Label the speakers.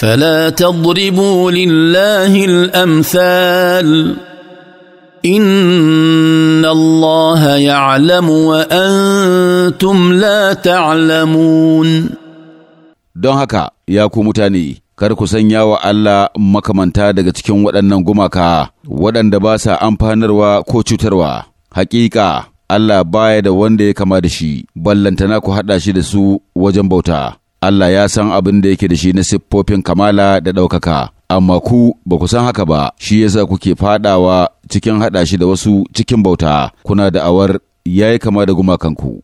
Speaker 1: فلا تضربوا لله الامثال ان الله يعلم وانتم لا تعلمون don
Speaker 2: haka ya ku mutane kar ku sanya wa Allah makamanta daga cikin waɗannan gumaka waɗanda ba sa amfanarwa ko cutarwa hakika Allah baya da wanda ya kama da shi ballantana ku haɗa shi da su wajen bauta Allah ya san abin da yake da shi na siffofin kamala da ɗaukaka, amma ku ba ku san haka ba, shi yasa kuke faɗawa cikin haɗa shi da wasu cikin bauta, kuna da awar ya yi kama da gumakanku.